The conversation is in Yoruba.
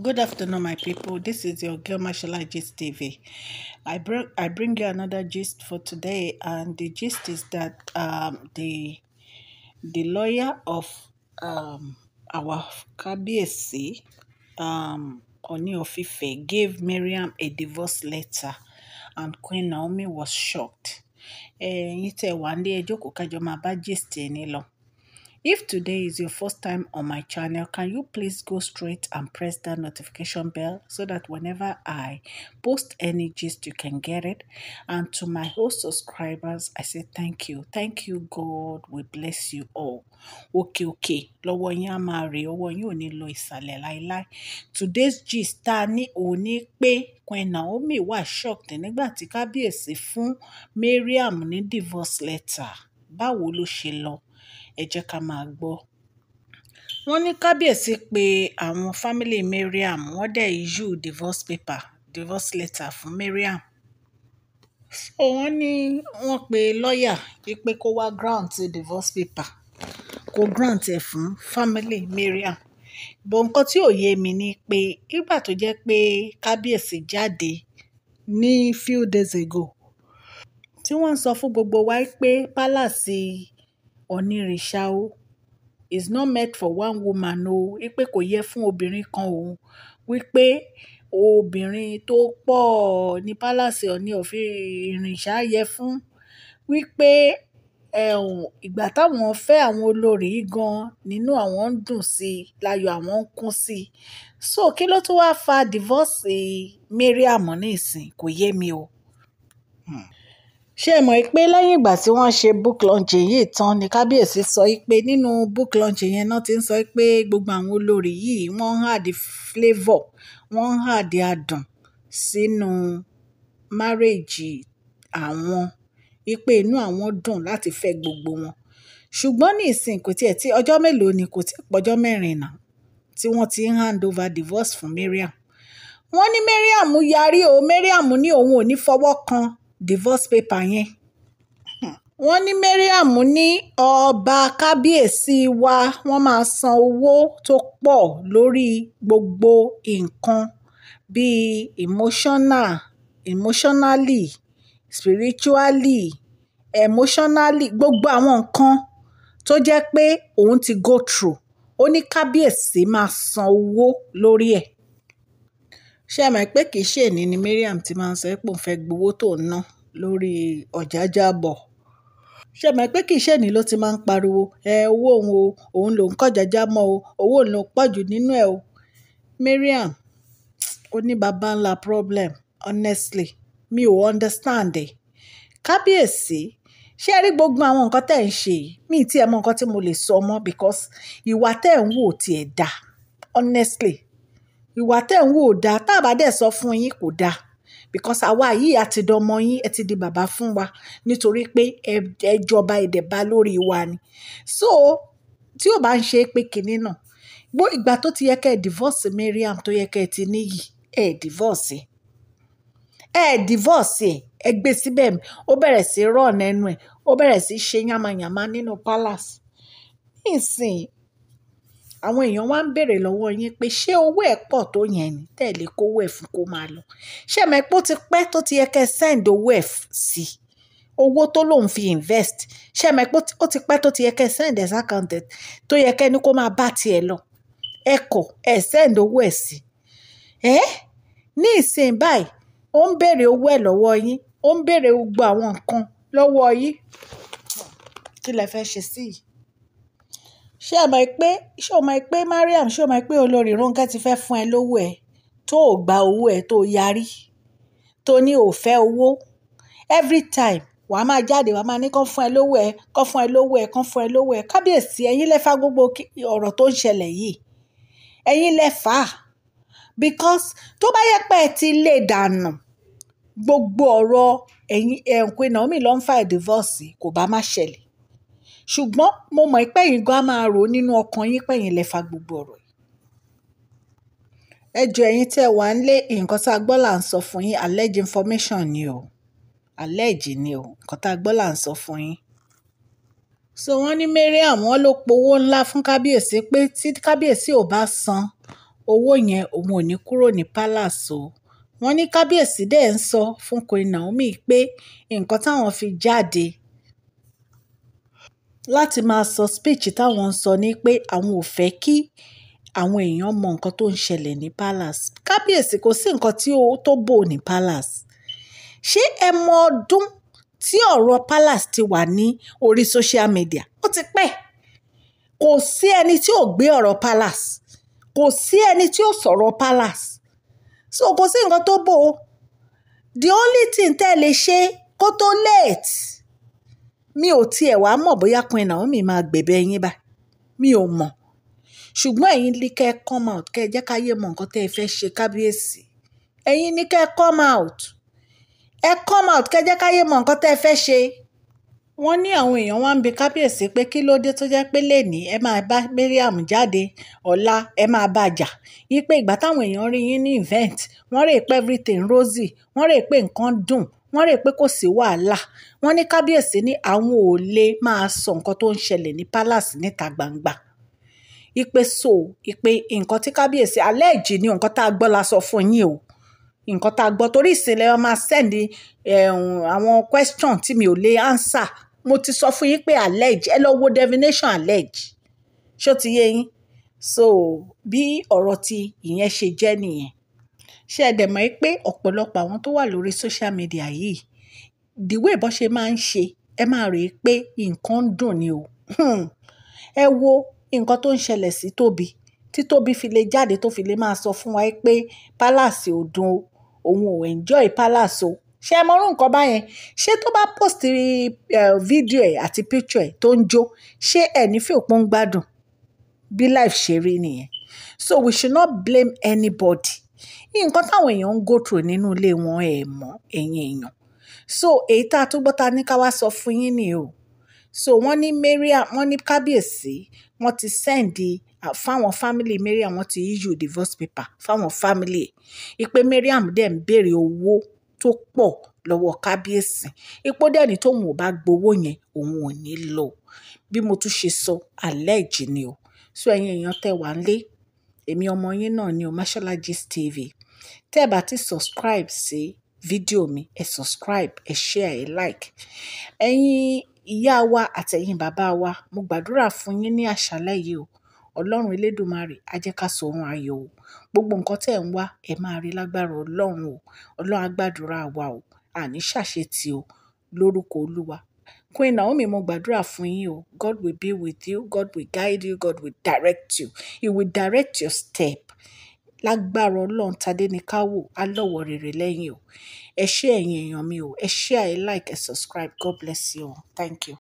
Good afternoon, my people. This is your girl Mashallah Gist TV. I bring I bring you another gist for today, and the gist is that um, the the lawyer of um, our KBSC, um, Oni Ofife, gave Miriam a divorce letter, and Queen Naomi was shocked. Eh, yín tẹ́ wá ń lé bá gist ní lọ. If today is your first time on my channel, can you please go straight and press that notification bell so that whenever I post any gist, you can get it. And to my whole subscribers, I say thank you. Thank you, God. We bless you all. Okay, okay. Lọ́wọ́ yín á máa rè ọwọ́ yín ò ní lọ ìsàlẹ̀ láéláé. Today's gist tá ní òní pé kwenao Naomi wà shocked nígbà tí kábíyèsí fún Mariam ní divorce letter. ba wolo ṣe lọ? ẹ jẹ́ ká máa gbọ́. wọ́n ní kábíyèsí pé àwọn fámílì mariam wọ́n dẹ̀ issue divorce paper divorce letter fún mariam. so wọ́n ní wọ́n pe lọ́ọ̀yà pé kó wá grant divorce paper kó grant ẹ̀ fún fámílì mariam. bọ̀ nǹkan tí ò yé mi ni pé nígbà tó jẹ́ pé kábíyèsí jáde ní few days ago tí wọ́n ń sọ fún gbogbo wa pé pálàsì. Si onírìṣà o. is not meant for one woman o. Wípé kò yẹ fún obìnrin kan òun. Wípé obìnrin tó pọ̀ ní palace Ọ̀ọ̀ni of ìrìṣà yẹ fún. Wípé, ẹ̀hùn, ìgbà táwọn fẹ́ àwọn olórí yii gan, nínú àwọn ń dùn sí, láyọ̀ àwọn ń kún sí. So kí ló tún wá fa divorce Mariam níìsín? Kò yé mi o. Hmm ṣé ẹ mọ̀ pé lẹ́yìn ìgbà tí wọ́n ṣe book launch yìí tán ni kábíyèsí sọ pé nínú book launch yẹn náà ti ń sọ pé gbogbo àwọn olórí yìí wọ́n ń àdì flavour wọ́n ń àdì adùn sínú márèèjì àwọn ipe inú àwọn dùn láti fẹ́ gbogbo wọn ṣùgbọ́n ní ìsìn kò tiẹ̀ tí ọjọ́ mélòó ni kò tí pọ̀jọ́ mẹ́rin náà tí wọ́n ti ń hand over divorce fún Mariam wọ́n ní Mariam yarí o Mariam ní òun ò ní fọwọ́ kan divorce paper yẹn wọ́n ní mariam ní ọba kábíyèsí wa wọ́n máa san owó tó pọ̀ lórí gbogbo nǹkan bíi emotional emotionally spiritually emotionally gbogbo àwọn nǹkan tó jẹ́ pé òun ti go through ó ní kábíyèsí máa san owó lórí ẹ̀ Ṣé ẹ mọ̀ pé kìí ṣe èní ni Mariam ti máa ń sọ pé òun fẹ́ gbowó tó ń ná lórí ọ̀jájàbọ̀? Ṣé ẹ mọ̀ pé kìí ṣe èní ló ti máa ń pariwo, "Ẹ owó òun o, òun lòún kọ́ jájàmọ́ o, owó òun ló pọ̀ ju nínú ẹ o." Mariam, ó ní bàbá ńlá problem honestly. Mi ò understand e. Kábíyèsí, ṣé ẹ rí gbogbo àwọn nǹkan tí ẹ̀ ń ṣe yìí? Mi ò tí è mọ nǹkan tí mo lè sọ mọ́ because ìwà tí ẹ̀ ń wù ò tí honestly ìwà tẹ̀ ń wò dáa tá a bá dẹ̀ sọ fún yín kò dáa because àwa yìí àti dọmọ yín ẹ ti di bàbá fún wa nítorí pé ẹ ìdẹ̀bá lórí wa ni so tí ò bá ń ṣe é pé kinní náà gbọ́ ìgbà tó ti yẹ kẹ́ ẹ divorce Mariam tó yẹ kẹ́ ẹ ti níyì ẹ divorce ẹ divorce ẹ ẹ gbé síbẹ̀ ó bẹ̀rẹ̀ sí rọ̀ nẹ́nu ẹ̀ ó bẹ̀rẹ̀ sí ṣe yánmayànmá nínú palace nísìnyí Àwọn èèyàn wá ń bèèrè lọ́wọ́ yín pé ṣé owó ẹ̀ pọ̀ tó yẹn ni tẹ̀ lè kó owó ẹ̀ fún kó máa lọ. Ṣé ẹ ti pẹ́ tó ti yẹ kí send owó ẹ̀ sí owó tó lòún fi invest? Ṣé ẹ mọ̀ pé ó ti pẹ́ tó ti yẹ kí ẹ send ẹ̀ sí account ẹ̀ tó yẹ kí ẹ ní kó máa bá ti ẹ lọ? Ẹ kọ̀, ẹ send owó ẹ̀ sí. Ẹ́ ní ìsìn báyìí, ó ń bèèrè owó ẹ̀ lọ́wọ́ yín, ó ń bèèrè gbogbo àwọn nǹkan lọ́wọ́ yín. Kí lẹ fẹ́ ṣe sí i? ṣé o mọ̀ pé ṣé o mọ̀ pé Mariam ṣé o mọ̀ pé olórí Rónkẹ́ ti fẹ́ fún ẹ lówó ẹ tó o gba owó ẹ tó o yarí tó ní o fẹ́ owó every time wàá máa jáde wàá máa ní kán fún ẹ lówó ẹ kán fún ẹ lówó ẹ kán fún ẹ lówó ẹ kábíyèsí ẹ̀yin lẹ gbogbo ọ̀rọ̀ tó ń ṣẹlẹ̀ yìí ẹ̀yin lẹ because tó bá yẹ pé ẹ ti lè dànù gbogbo ọ̀rọ̀ ẹ̀yin ẹ̀ǹpin Naomi ló ń fa divorce kò bá má ṣẹlẹ̀ ṣùgbọ́n mo mọ̀ pé ẹ̀yin gan á máa rò nínú ọkàn yín pé ẹ̀yin fa gbogbo ọ̀rọ̀ yìí. ẹ ẹ̀yin tẹ́ wà ń lé nǹkan tá a gbọ́ là ń sọ fún yín alleged information ni o alleged ni o nǹkan tá a gbọ́ là ń sọ fún yín. so wọ́n ní Mariam wọ́n ló powó ńlá fún kábíyèsí pé tí kábíyèsí ò bá san owó yẹn òun ò ní kúrò ní palace o wọ́n ní kábíyèsí dẹ̀ ń sọ fún Queen Naomi pé nǹkan táwọn fi jáde láti máa sọ speech táwọn ń sọ ni pé àwọn ò fẹ́ kí àwọn èèyàn mọ nǹkan tó ń ṣẹlẹ̀ ní palace kábíyèsí kò sí nǹkan tí ó tó bò ní palace ṣé ẹ mọ ọdún tí ọ̀rọ̀ palace ti wà ní orí social media ó ti pẹ́ kò sí ẹni tí ò gbé ọ̀rọ̀ palace kò sí ẹni tí ò sọ̀rọ̀ palace so kò sí nǹkan tó bò the only thing tẹ́ lè ṣe kó tó late mi ò tiẹ̀ wá mọ̀ bóyá Queen Naomi máa gbẹ̀bẹ̀ yín bá mi ò mọ̀ ṣùgbọ́n ẹ̀yin ní kẹ́ come out kẹ́ jẹ́ káyé mọ̀ nǹkan tẹ́ ẹ fẹ́ ṣe kábíyèsí ẹ̀yin ní kẹ́ come out ẹ come out kẹ́ jẹ́ káyé mọ̀ nǹkan tẹ́ ẹ fẹ́ ṣe wọ́n ní àwọn èèyàn wá ń bi kábíyèsí pé kí ló dé tó jẹ́ pé lẹ́nìí ẹ máa bá Mariam jáde ọ̀la ẹ máa bá jà yí pé ìgbà táwọn èèyàn rí yín ní event wọ́n rè pé everything rosy wọ́n rè pé nǹkan dùn wọ́n rè pé kò sí wàhálà wọ́n ní kábíyèsí ní àwọn ò lè máa sọ nǹkan tó ń ṣẹlẹ̀ ní palace níta gbangba ìpè so ìpè nǹkan tí kábíyèsí alẹ́ ìjì ni nǹkan tá a gbọ́ la sọ fún yín o nǹkan tá a gbọ́ torí ìsinlẹ̀ wọn máa send eh, àwọn question tí mi ò lè answer mo ti sọ fún yín pé allege ẹ lọ wo definition allege ṣó ti yé yín so bí ọ̀rọ̀ ti ìyẹn ṣe jẹ́ nìyẹn Ṣé ẹ dẹ̀ mọ̀ pé ọ̀pọ̀lọpọ̀ àwọn tó wà lórí social media yìí, the way bó ṣe máa ń ṣe, ẹ máa rò pé nǹkan dùn ni o. Hmm. Ẹ wo nǹkan tó ń ṣẹlẹ̀ sí Tóbi, tí Tóbi fi lè jáde tó fi lè máa sọ fún wa pé palace ò dùn òun ò enjoy palace o. Ṣé ẹ mọ irú nǹkan báyẹn? Ṣé tó bá post, eh, video ẹ̀ àti picture ẹ̀ tó ń jó, ṣé ẹ ní feel ń gbádùn? Bí life ṣe rí nìyẹn. So we should not blame anybody Nǹkan táwọn èèyàn ń go through nínú ilé wọn ẹ mọ̀, ẹ̀yin èèyàn. So èyí ta tún gbọ́ ta ní ká wá sọ fún yín ni o. So wọ́n ní Mariam, wọ́n ní Kábíyèsí, wọ́n ti send fáwọn family Mariam, wọ́n ti issue divorce paper fáwọn family ẹ̀. Ipe Mariam dẹ̀ ń bèèrè owó tó pọ̀ lọ́wọ́ Kábíyèsí. Ipe ó dẹ̀ ní tóun ò bá gbowó yẹn, òun ò ní lọ. Bí mo tún ṣe sọ, allege ni o. So ẹ̀yin èèyàn tẹ wá nlé èmi ọmọ yín náà ni o Mashola Gist TV. Tẹ́ ẹ bá ti subscribe sí fídíò mi, ẹ subscribe, ẹ share, ẹ like. Ẹ̀yin ìyá wa àtẹ̀yin bàbá wa, mo gbàdúrà fún yín ní àṣálẹ́ yìí o. Ọlọ́run Elédùmarè á jẹ́ ká sọ̀run ayọ̀ o. Gbogbo nǹkan tẹ́ ẹ̀ ń wá, ẹ máa rí lágbára Ọlọ́run o. Ọlọ́run á wa o. Àní ṣàṣetì o lórúkọ Olúwa Queen Naomi, mo gbàdúrà fún yín o. God will be with you. God will guide you. God will direct you. He will direct your step. Lágbára Ọlọ́run Tadé ní ká wò á lọ́wọ́ rere lẹ́yìn o. Ẹ ṣé ẹ̀yin èèyàn mi o. Ẹ share, like, and subscribe. God bless you. Thank you.